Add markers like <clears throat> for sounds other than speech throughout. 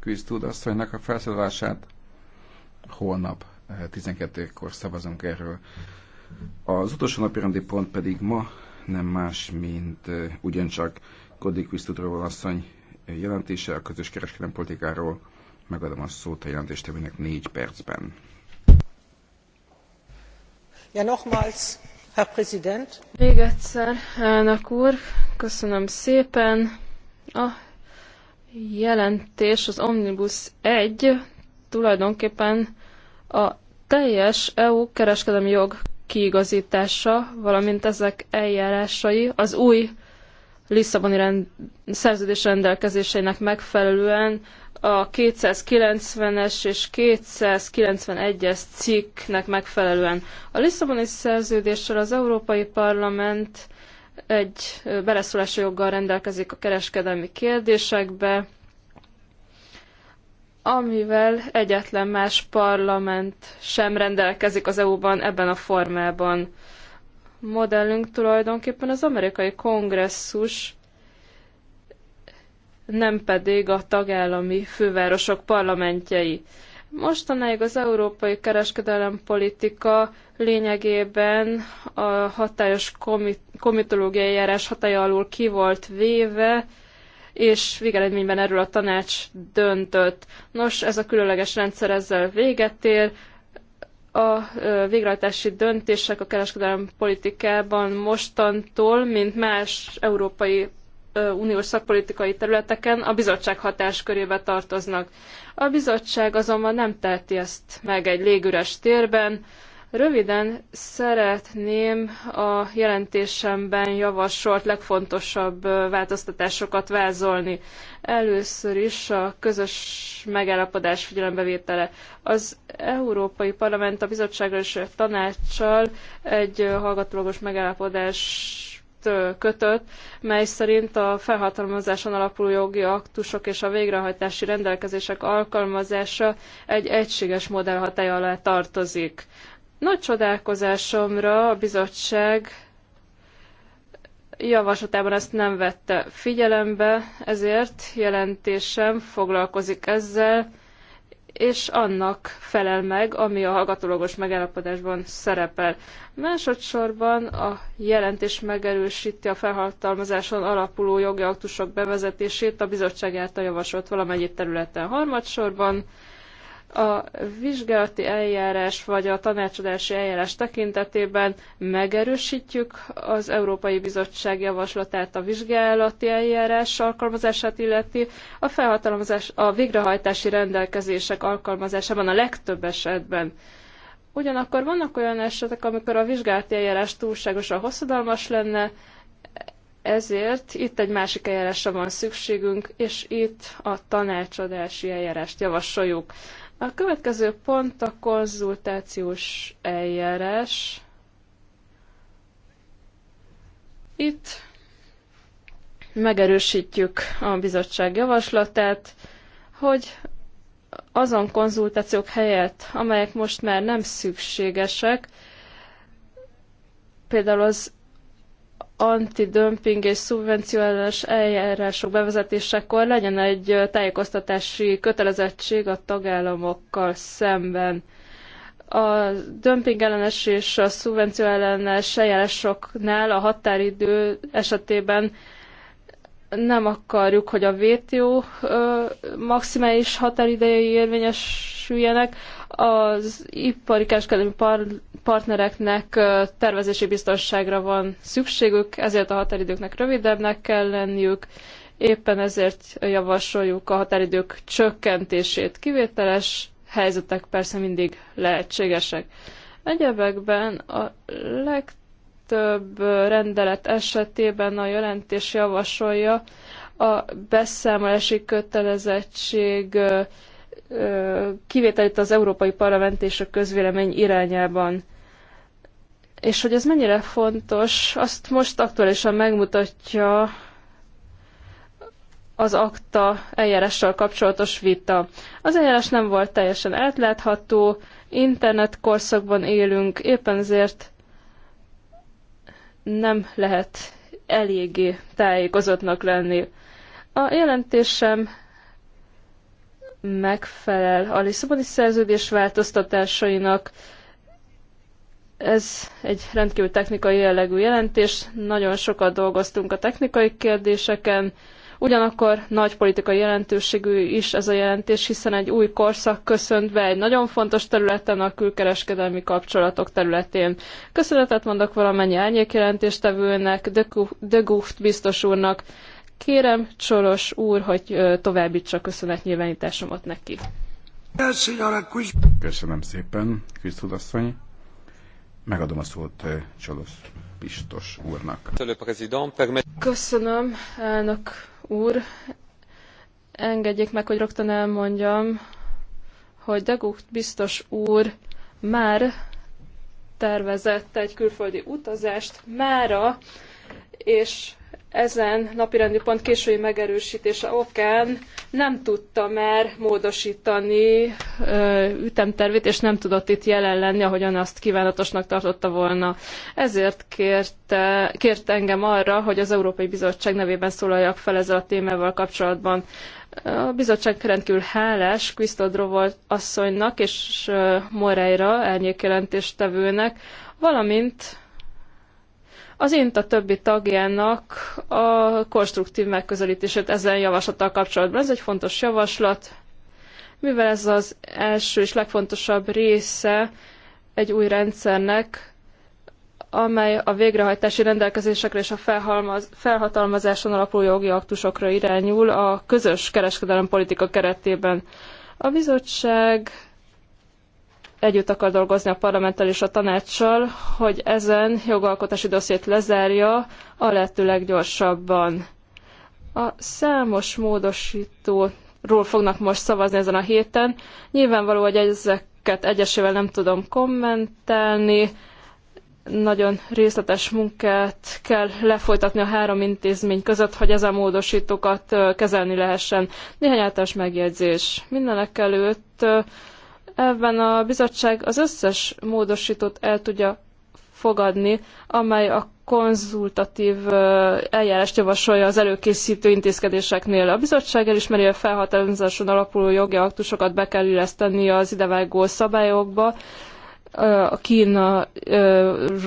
Krisztúd asszonynak a felszólalását. Holnap 12-kor eh, szavazunk erről. Az utolsó napi rendi pont pedig ma nem más, mint eh, ugyancsak Kodi Krisztúdról asszony jelentése a közös kereskedelmi politikáról. Megadom a szót a jelentéstevének négy percben. Ja, nochmals, Herr Präsident. Még egyszer, elnök úr, köszönöm szépen. A jelentés, az Omnibus 1 tulajdonképpen a teljes EU kereskedelmi jog kiigazítása, valamint ezek eljárásai az új Lisszaboni rend, szerződés rendelkezéseinek megfelelően a 290-es és 291-es cikknek megfelelően. A Lisszaboni szerződéssel az Európai Parlament egy beleszólási joggal rendelkezik a kereskedelmi kérdésekbe, amivel egyetlen más parlament sem rendelkezik az EU-ban ebben a formában. Modellünk tulajdonképpen az amerikai kongresszus, nem pedig a tagállami fővárosok parlamentjei. Mostanáig az európai kereskedelempolitika lényegében a hatályos komit komitológiai járás hatája alól ki volt véve, és végeredményben erről a tanács döntött. Nos, ez a különleges rendszer ezzel véget ér. A végrehajtási döntések a kereskedelmi politikában mostantól, mint más európai uniós szakpolitikai területeken a bizottság hatáskörébe tartoznak. A bizottság azonban nem teheti ezt meg egy légüres térben, Röviden szeretném a jelentésemben javasolt legfontosabb változtatásokat vázolni. Először is a közös megállapodás figyelembevétele. Az Európai Parlament a bizottsággal és a tanácssal egy hallgatólagos megállapodást kötött, mely szerint a felhatalmazáson alapuló jogi aktusok és a végrehajtási rendelkezések alkalmazása egy egységes modell hatája alá tartozik. Nagy csodálkozásomra a bizottság javaslatában ezt nem vette figyelembe, ezért jelentésem foglalkozik ezzel, és annak felel meg, ami a hallgatólagos megállapodásban szerepel. Másodszorban a jelentés megerősíti a felhatalmazáson alapuló jogi aktusok bevezetését a bizottság által javasolt valamennyi területen. Harmadsorban a vizsgálati eljárás vagy a tanácsadási eljárás tekintetében megerősítjük az Európai Bizottság javaslatát a vizsgálati eljárás alkalmazását illeti. A felhatalmazás, a végrehajtási rendelkezések alkalmazásában a legtöbb esetben. Ugyanakkor vannak olyan esetek, amikor a vizsgálati eljárás túlságosan hosszadalmas lenne, ezért itt egy másik eljárásra van szükségünk, és itt a tanácsadási eljárást javasoljuk. A következő pont a konzultációs eljárás. Itt megerősítjük a bizottság javaslatát, hogy azon konzultációk helyett, amelyek most már nem szükségesek, például az antidömping és szubvencionális eljárások bevezetésekor legyen egy tájékoztatási kötelezettség a tagállamokkal szemben. A dömping ellenes és a szubvenció ellenes eljárásoknál a határidő esetében nem akarjuk, hogy a WTO maximális határidejei érvényesüljenek, az ipari kereskedelmi par partnereknek tervezési biztonságra van szükségük, ezért a határidőknek rövidebbnek kell lenniük, éppen ezért javasoljuk a határidők csökkentését. Kivételes helyzetek persze mindig lehetségesek. Egyebekben a legtöbb rendelet esetében a jelentés javasolja a beszámolási kötelezettség kivételét az Európai Parlament és a közvélemény irányában. És hogy ez mennyire fontos, azt most aktuálisan megmutatja az akta eljárással kapcsolatos vita. Az eljárás nem volt teljesen átlátható, internet korszakban élünk, éppen ezért nem lehet eléggé tájékozottnak lenni. A jelentésem megfelel a Lisszaboni szerződés változtatásainak. Ez egy rendkívül technikai jellegű jelentés, nagyon sokat dolgoztunk a technikai kérdéseken, ugyanakkor nagy politikai jelentőségű is ez a jelentés, hiszen egy új korszak köszönt be egy nagyon fontos területen, a külkereskedelmi kapcsolatok területén. Köszönetet mondok valamennyi jelentéstevőnek, De Gucht biztos úrnak, Kérem Csoros úr, hogy továbbítsa köszönetnyilvánításomat neki. Köszönöm szépen, Krisztud asszony. Megadom a szót Csolos Pistos úrnak. Köszönöm, elnök úr. Engedjék meg, hogy rögtön elmondjam, hogy Degucht biztos úr már tervezett egy külföldi utazást mára, és ezen napirendi pont késői megerősítése okán nem tudta már módosítani ütemtervét, és nem tudott itt jelen lenni, ahogyan azt kívánatosnak tartotta volna. Ezért kérte, kért engem arra, hogy az Európai Bizottság nevében szólaljak fel ezzel a témával kapcsolatban. A bizottság rendkívül hálás Krisztodro volt asszonynak és Moreira elnyékjelentéstevőnek, valamint az a többi tagjának a konstruktív megközelítését ezen javaslattal kapcsolatban. Ez egy fontos javaslat, mivel ez az első és legfontosabb része egy új rendszernek, amely a végrehajtási rendelkezésekre és a felhalmaz, felhatalmazáson alapuló jogi aktusokra irányul a közös kereskedelempolitika keretében. A bizottság együtt akar dolgozni a parlamenttel és a tanácssal, hogy ezen jogalkotási dossziét lezárja a lehető leggyorsabban. A számos módosítóról fognak most szavazni ezen a héten. Nyilvánvaló, hogy ezeket egyesével nem tudom kommentálni. Nagyon részletes munkát kell lefolytatni a három intézmény között, hogy ezen módosítókat kezelni lehessen. Néhány általános megjegyzés. Mindenek előtt Ebben a bizottság az összes módosítót el tudja fogadni, amely a konzultatív eljárást javasolja az előkészítő intézkedéseknél. A bizottság elismeri a felhatalmazáson alapuló jogi aktusokat be kell illeszteni az idevágó szabályokba, a kína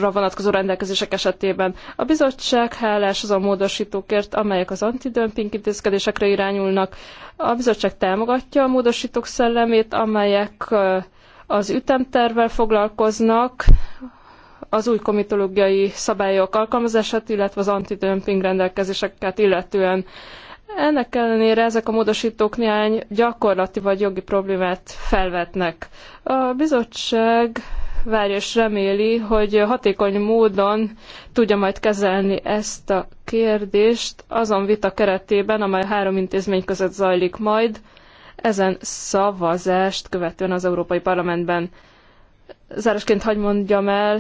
vonatkozó rendelkezések esetében. A bizottság hálás az a módosítókért, amelyek az antidömping intézkedésekre irányulnak. A bizottság támogatja a módosítók szellemét, amelyek az ütemtervvel foglalkoznak, az új komitológiai szabályok alkalmazását, illetve az antidömping rendelkezéseket illetően. Ennek ellenére ezek a módosítók néhány gyakorlati vagy jogi problémát felvetnek. A bizottság várja és reméli, hogy hatékony módon tudja majd kezelni ezt a kérdést azon vita keretében, amely három intézmény között zajlik majd, ezen szavazást követően az Európai Parlamentben. Zárásként hagy mondjam el,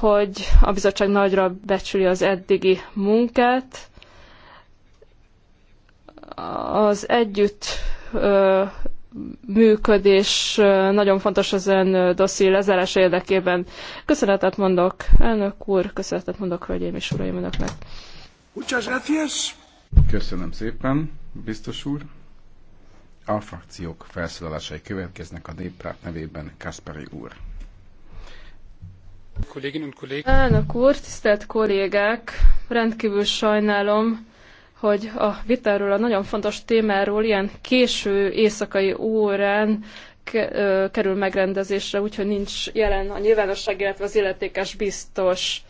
hogy a bizottság nagyra becsüli az eddigi munkát, az együtt működés nagyon fontos az ön dosszié lezárása érdekében. Köszönetet mondok, elnök úr, köszönetet mondok, hölgyeim és uraim önöknek. Köszönöm szépen, biztos úr. A frakciók felszólalásai következnek a néppárt nevében Kasperi úr. Elnök úr, tisztelt kollégák, rendkívül sajnálom, hogy a vitáról, a nagyon fontos témáról ilyen késő éjszakai órán kerül megrendezésre, úgyhogy nincs jelen a nyilvánosság, illetve az illetékes biztos.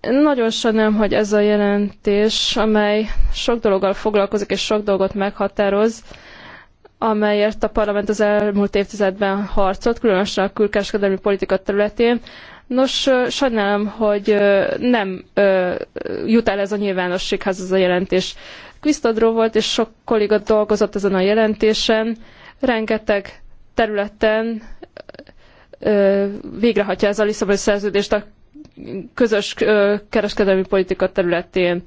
Nagyon sajnálom, hogy ez a jelentés, amely sok dologgal foglalkozik és sok dolgot meghatároz, amelyért a parlament az elmúlt évtizedben harcolt, különösen a külkereskedelmi politika területén, Nos, sajnálom, hogy nem jut el ez a nyilvánossághoz ez a jelentés. Quisztadró volt, és sok kolléga dolgozott ezen a jelentésen. Rengeteg területen végrehajtja ez a Lisszaboni szerződést a közös kereskedelmi politika területén.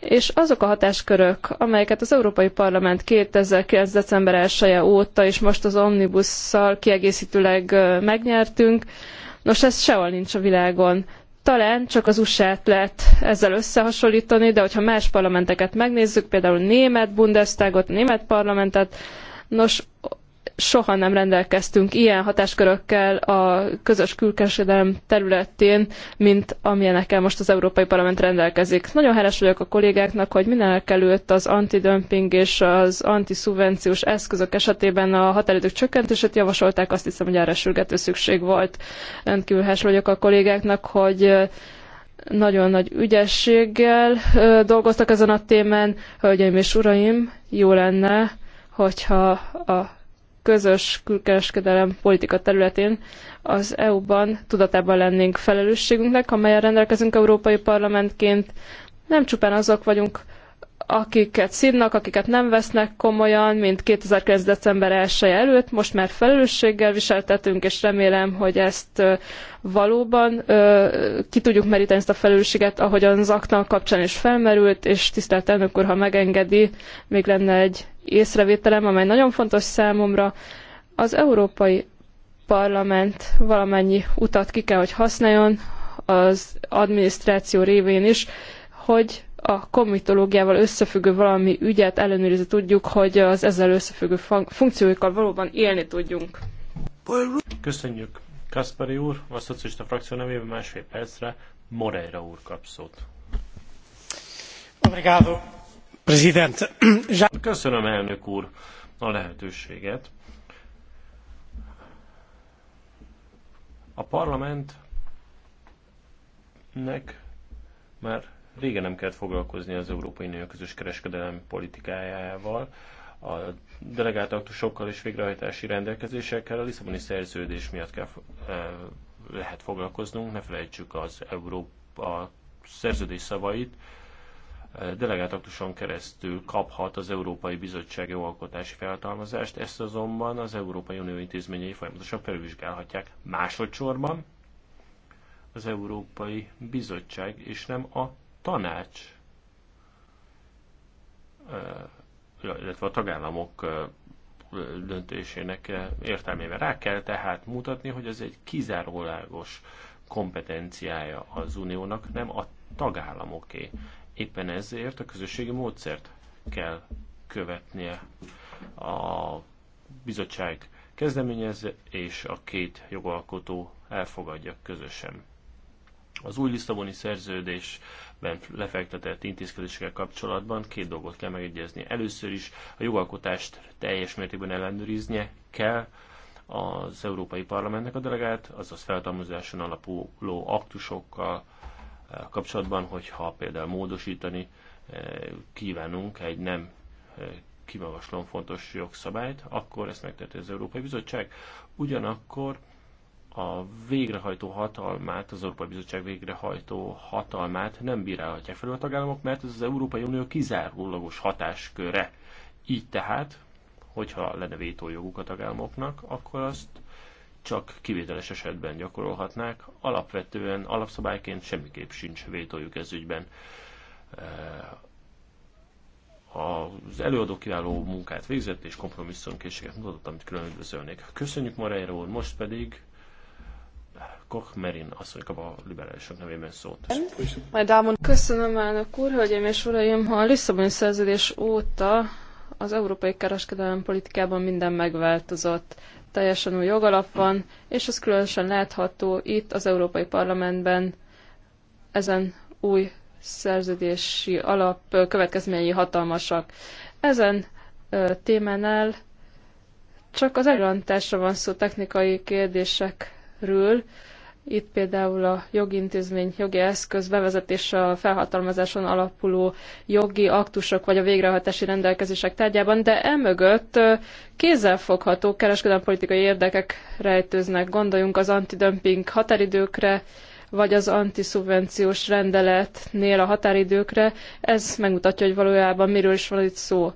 És azok a hatáskörök, amelyeket az Európai Parlament 2009. december 1 -e óta és most az Omnibusszal kiegészítőleg megnyertünk, Nos, ez sehol nincs a világon. Talán csak az USA-t lehet ezzel összehasonlítani, de hogyha más parlamenteket megnézzük, például német Bundestagot, német parlamentet, nos, soha nem rendelkeztünk ilyen hatáskörökkel a közös külkereskedelem területén, mint amilyenekkel most az Európai Parlament rendelkezik. Nagyon hálás vagyok a kollégáknak, hogy mindenek előtt az antidömping és az antiszubvenciós eszközök esetében a határidők csökkentését javasolták, azt hiszem, hogy erre sürgető szükség volt. Rendkívül hálás vagyok a kollégáknak, hogy nagyon nagy ügyességgel dolgoztak ezen a témán. Hölgyeim és uraim, jó lenne, hogyha a közös külkereskedelem politika területén az EU-ban tudatában lennénk felelősségünknek, amelyen rendelkezünk Európai Parlamentként. Nem csupán azok vagyunk, akiket színnak, akiket nem vesznek komolyan, mint 2009. december 1 -e előtt, most már felelősséggel viseltetünk, és remélem, hogy ezt valóban ki tudjuk meríteni ezt a felelősséget, ahogyan az aktan kapcsán is felmerült, és tisztelt elnök úr, ha megengedi, még lenne egy észrevételem, amely nagyon fontos számomra. Az Európai Parlament valamennyi utat ki kell, hogy használjon az adminisztráció révén is, hogy a komitológiával összefüggő valami ügyet ellenőrizni tudjuk, hogy az ezzel összefüggő funkcióikkal valóban élni tudjunk. Köszönjük. Kaspari úr, a szocialista frakció nevében másfél percre Moreira úr kap szót. Obrigado. <clears throat> Köszönöm, elnök úr, a lehetőséget. A parlamentnek már régen nem kellett foglalkozni az Európai Unió közös kereskedelmi politikájával, a delegált aktusokkal és végrehajtási rendelkezésekkel a Lisszaboni szerződés miatt kell, e, lehet foglalkoznunk. Ne felejtsük az Európa szerződés szavait, delegált keresztül kaphat az Európai Bizottság jogalkotási felhatalmazást, ezt azonban az Európai Unió intézményei folyamatosan felvizsgálhatják másodszorban az Európai Bizottság, és nem a tanács, illetve a tagállamok döntésének értelmében rá kell tehát mutatni, hogy ez egy kizárólagos kompetenciája az uniónak, nem a tagállamoké. Éppen ezért a közösségi módszert kell követnie a bizottság kezdeményezze és a két jogalkotó elfogadja közösen. Az új Lisszaboni szerződésben lefektetett intézkedésekkel kapcsolatban két dolgot kell megegyezni. Először is a jogalkotást teljes mértékben ellenőriznie kell az Európai Parlamentnek a delegált, azaz feltalmazáson alapuló aktusokkal kapcsolatban, hogyha például módosítani eh, kívánunk egy nem eh, kimagaslom fontos jogszabályt, akkor ezt megteheti az Európai Bizottság. Ugyanakkor a végrehajtó hatalmát, az Európai Bizottság végrehajtó hatalmát nem bírálhatják fel a tagállamok, mert ez az Európai Unió kizárólagos hatásköre. Így tehát, hogyha lenne vétójoguk a tagállamoknak, akkor azt csak kivételes esetben gyakorolhatnák. Alapvetően, alapszabályként semmiképp sincs vétójuk ez ügyben. Eh, az előadó kiváló munkát végzett és kompromisszumkészséget mutatott, amit külön üdvözölnék. Köszönjük Moreira úr, most pedig Koch Merin asszony kap a liberálisok nevében szót. Majd köszönöm elnök úr, hölgyeim és uraim, a Lisszaboni szerződés óta az európai kereskedelem politikában minden megváltozott teljesen új jogalap van, és ez különösen látható itt az Európai Parlamentben ezen új szerződési alap következményei hatalmasak. Ezen témánál csak az elrantásra van szó technikai kérdésekről, itt például a jogintézmény jogi eszköz bevezetése a felhatalmazáson alapuló jogi aktusok vagy a végrehajtási rendelkezések tárgyában, de emögött kézzelfogható kereskedelmi politikai érdekek rejtőznek. Gondoljunk az antidömping határidőkre, vagy az antiszubvenciós rendeletnél a határidőkre. Ez megmutatja, hogy valójában miről is van itt szó.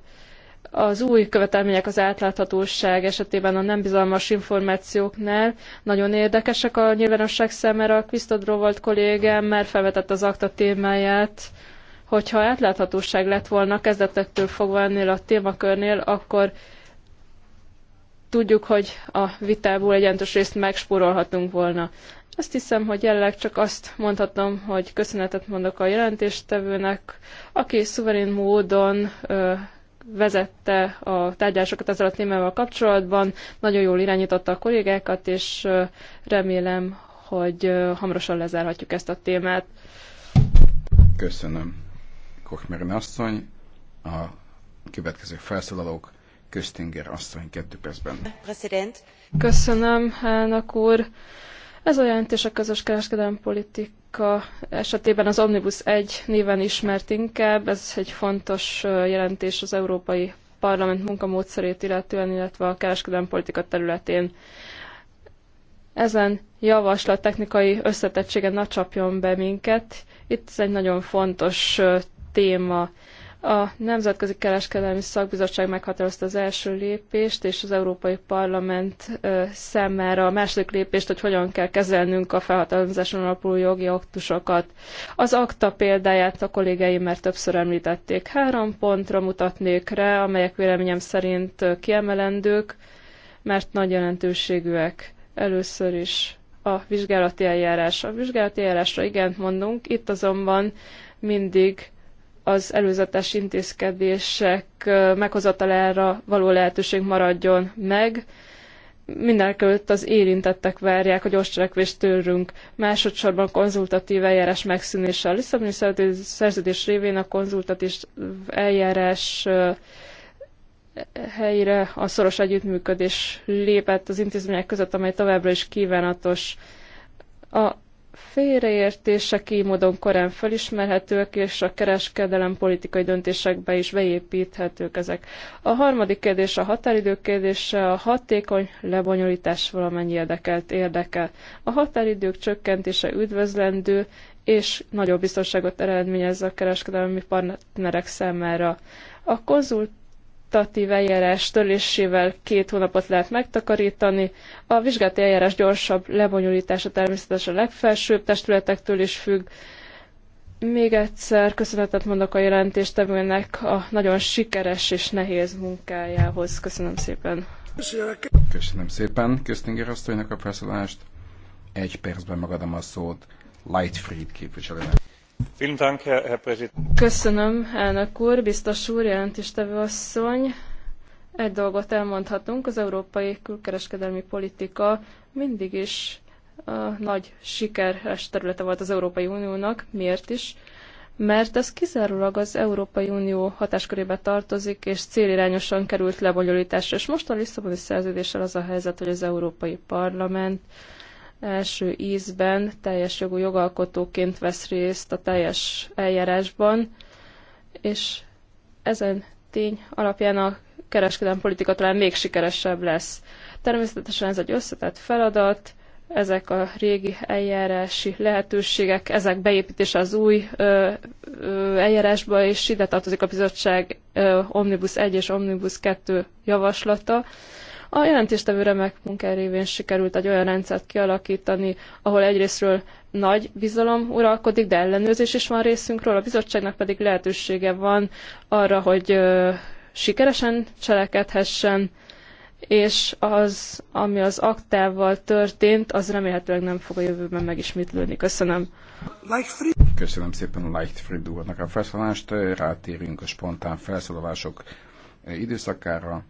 Az új követelmények az átláthatóság esetében a nem bizalmas információknál nagyon érdekesek a nyilvánosság számára. A Krisztodról volt kollégám, már felvetett az akta témáját, hogyha átláthatóság lett volna kezdetektől fogva ennél a témakörnél, akkor tudjuk, hogy a vitából egy jelentős részt megspórolhatunk volna. Azt hiszem, hogy jelenleg csak azt mondhatom, hogy köszönetet mondok a jelentéstevőnek, aki szuverén módon ö, vezette a tárgyalásokat ezzel a témával kapcsolatban, nagyon jól irányította a kollégákat, és remélem, hogy hamarosan lezárhatjuk ezt a témát. Köszönöm. Kochmerin asszony, a következő felszólalók Köstinger asszony kettő percben. Köszönöm, elnök úr. Ez a jelentés a közös kereskedelmi politik. Amerika esetében az Omnibus 1 néven ismert inkább. Ez egy fontos jelentés az Európai Parlament munkamódszerét illetően, illetve a kereskedelmi politika területén. Ezen javaslat technikai összetettsége ne csapjon be minket. Itt ez egy nagyon fontos téma. A Nemzetközi Kereskedelmi Szakbizottság meghatározta az első lépést, és az Európai Parlament számára a második lépést, hogy hogyan kell kezelnünk a felhatalmazáson alapuló jogi aktusokat. Az akta példáját a kollégáim már többször említették. Három pontra mutatnék rá, amelyek véleményem szerint kiemelendők, mert nagy jelentőségűek. Először is a vizsgálati eljárás. A vizsgálati eljárásra igent mondunk, itt azonban mindig az előzetes intézkedések meghozatalára való lehetőség maradjon meg. Mindenekelőtt az érintettek várják hogy gyors cselekvést tőlünk. Másodszorban konzultatív eljárás megszűnése. A Lisszaboni szerződés révén a konzultatív eljárás helyére a szoros együttműködés lépett az intézmények között, amely továbbra is kívánatos. A félreértések így módon korán felismerhetők, és a kereskedelem politikai döntésekbe is beépíthetők ezek. A harmadik kérdés a határidők kérdése, a hatékony lebonyolítás valamennyi érdekelt érdeke. A határidők csökkentése üdvözlendő, és nagyobb biztonságot eredményez a kereskedelmi partnerek számára. A konzult vizsgáltatív eljárás törlésével két hónapot lehet megtakarítani. A vizsgálati eljárás gyorsabb lebonyolítása természetesen a legfelsőbb testületektől is függ. Még egyszer köszönetet mondok a jelentéstevőnek a nagyon sikeres és nehéz munkájához. Köszönöm szépen. Köszönöm szépen Köztinger asszonynak a felszólalást. Egy percben megadom a szót Lightfried képviselőnek. Köszönöm, elnök úr, biztos úr, jelentéstevő asszony. Egy dolgot elmondhatunk, az európai külkereskedelmi politika mindig is a nagy sikeres területe volt az Európai Uniónak. Miért is? Mert ez kizárólag az Európai Unió hatáskörébe tartozik, és célirányosan került lebonyolításra. És most a Lisszaboni szerződéssel az a helyzet, hogy az Európai Parlament első ízben teljes jogú jogalkotóként vesz részt a teljes eljárásban, és ezen tény alapján a kereskedelmi politika talán még sikeresebb lesz. Természetesen ez egy összetett feladat, ezek a régi eljárási lehetőségek, ezek beépítése az új ö, ö, eljárásba, és ide tartozik a bizottság ö, Omnibus 1 és Omnibus 2 javaslata. A jelentéstevő remek munkája révén sikerült egy olyan rendszert kialakítani, ahol egyrésztről nagy bizalom uralkodik, de ellenőrzés is van részünkről, a bizottságnak pedig lehetősége van arra, hogy sikeresen cselekedhessen, és az, ami az aktával történt, az remélhetőleg nem fog a jövőben megismétlődni. Köszönöm. Köszönöm szépen Leichtfried úrnak a felszólást. Rátérünk a spontán felszólalások időszakára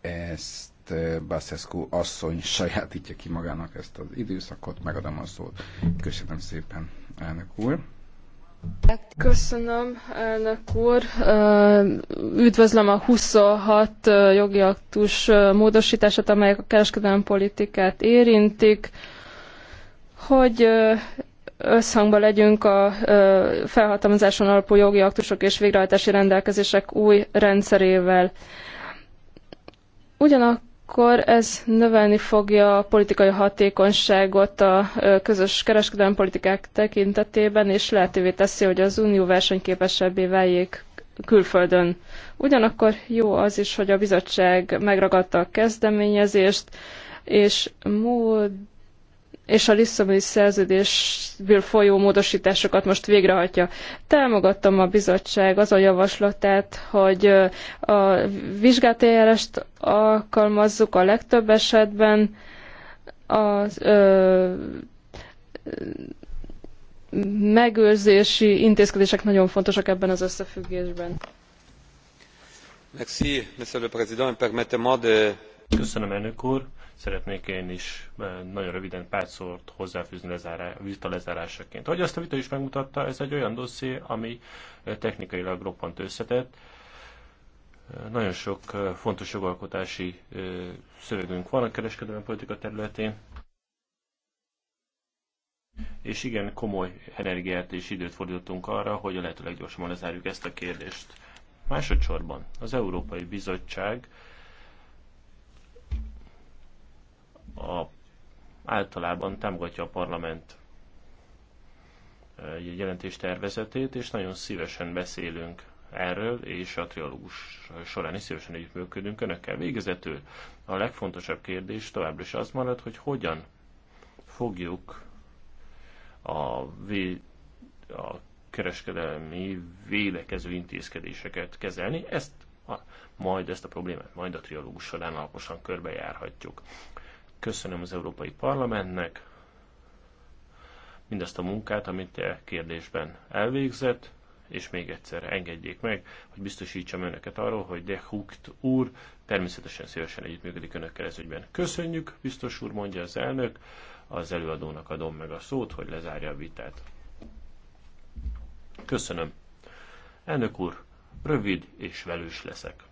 ezt eh, Basescu asszony sajátítja ki magának ezt az időszakot, megadom a szót. Köszönöm szépen, elnök úr. Köszönöm, elnök úr. Eh, üdvözlöm a 26 eh, jogi aktus módosítását, amelyek a kereskedelmi politikát érintik, hogy összhangban legyünk a felhatalmazáson alapú jogi aktusok és végrehajtási rendelkezések új rendszerével. Ugyanakkor ez növelni fogja a politikai hatékonyságot a közös kereskedelmi politikák tekintetében, és lehetővé teszi, hogy az unió versenyképesebbé váljék külföldön. Ugyanakkor jó az is, hogy a bizottság megragadta a kezdeményezést, és mód és a Lisszaboni szerződésből folyó módosításokat most végrehajtja. Támogattam a bizottság az a javaslatát, hogy a eljárást alkalmazzuk a legtöbb esetben, a ö, megőrzési intézkedések nagyon fontosak ebben az összefüggésben. Merci, Monsieur le Président. Permettez-moi de Köszönöm, elnök úr. Szeretnék én is eh, nagyon röviden pár szót hozzáfűzni lezárá, vita lezárásaként. Hogy azt a vita is megmutatta, ez egy olyan dosszié, ami eh, technikailag roppant összetett. Eh, nagyon sok fontos jogalkotási szövegünk van a kereskedelmi politika területén, és igen, komoly energiát és időt fordítottunk arra, hogy a lehető leggyorsabban lezárjuk ezt a kérdést. Másodszorban az Európai Bizottság a, általában támogatja a parlament eh, jelentés tervezetét, és nagyon szívesen beszélünk erről, és a trialógus során is szívesen együttműködünk önökkel. Végezetül a legfontosabb kérdés továbbra is az marad, hogy hogyan fogjuk a, vé, a kereskedelmi védekező intézkedéseket kezelni. Ezt majd ezt a problémát majd a trialógus során alaposan körbejárhatjuk. Köszönöm az Európai Parlamentnek mindazt a munkát, amit te kérdésben elvégzett, és még egyszer engedjék meg, hogy biztosítsam önöket arról, hogy De Hucht úr természetesen szívesen együttműködik önökkel ez ügyben. Köszönjük, biztos úr, mondja az elnök, az előadónak adom meg a szót, hogy lezárja a vitát. Köszönöm. Elnök úr, rövid és velős leszek.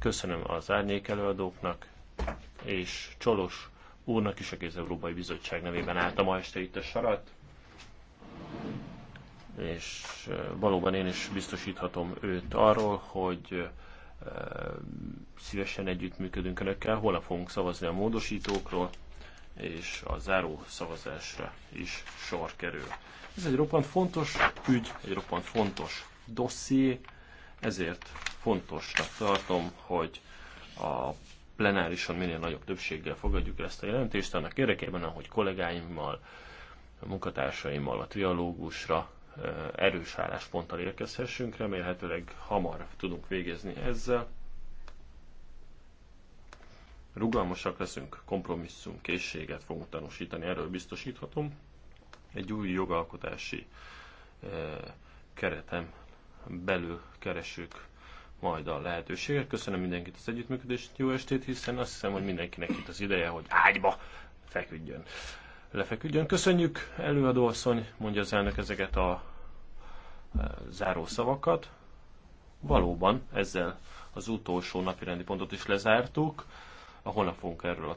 Köszönöm az árnyék előadóknak, és Csolos úrnak is egész Európai Bizottság nevében állt a ma este itt a sarat, és valóban én is biztosíthatom őt arról, hogy szívesen együttműködünk Önökkel, holnap fogunk szavazni a módosítókról, és a záró szavazásra is sor kerül. Ez egy roppant fontos ügy, egy roppant fontos dosszié, ezért fontosnak tartom, hogy a plenárison minél nagyobb többséggel fogadjuk ezt a jelentést, annak érdekében, ahogy kollégáimmal, a munkatársaimmal a trialógusra erős állásponttal érkezhessünk, remélhetőleg hamar tudunk végezni ezzel. Rugalmasak leszünk, kompromisszum, készséget fogunk tanúsítani, erről biztosíthatom. Egy új jogalkotási keretem belül keresünk majd a lehetőséget. Köszönöm mindenkit az együttműködést, jó estét, hiszen azt hiszem, hogy mindenkinek itt az ideje, hogy ágyba feküdjön. Lefeküdjön. Köszönjük, előadóasszony, mondja az elnök ezeket a e, záró szavakat. Valóban ezzel az utolsó napi rendi pontot is lezártuk. A holnap fogunk erről a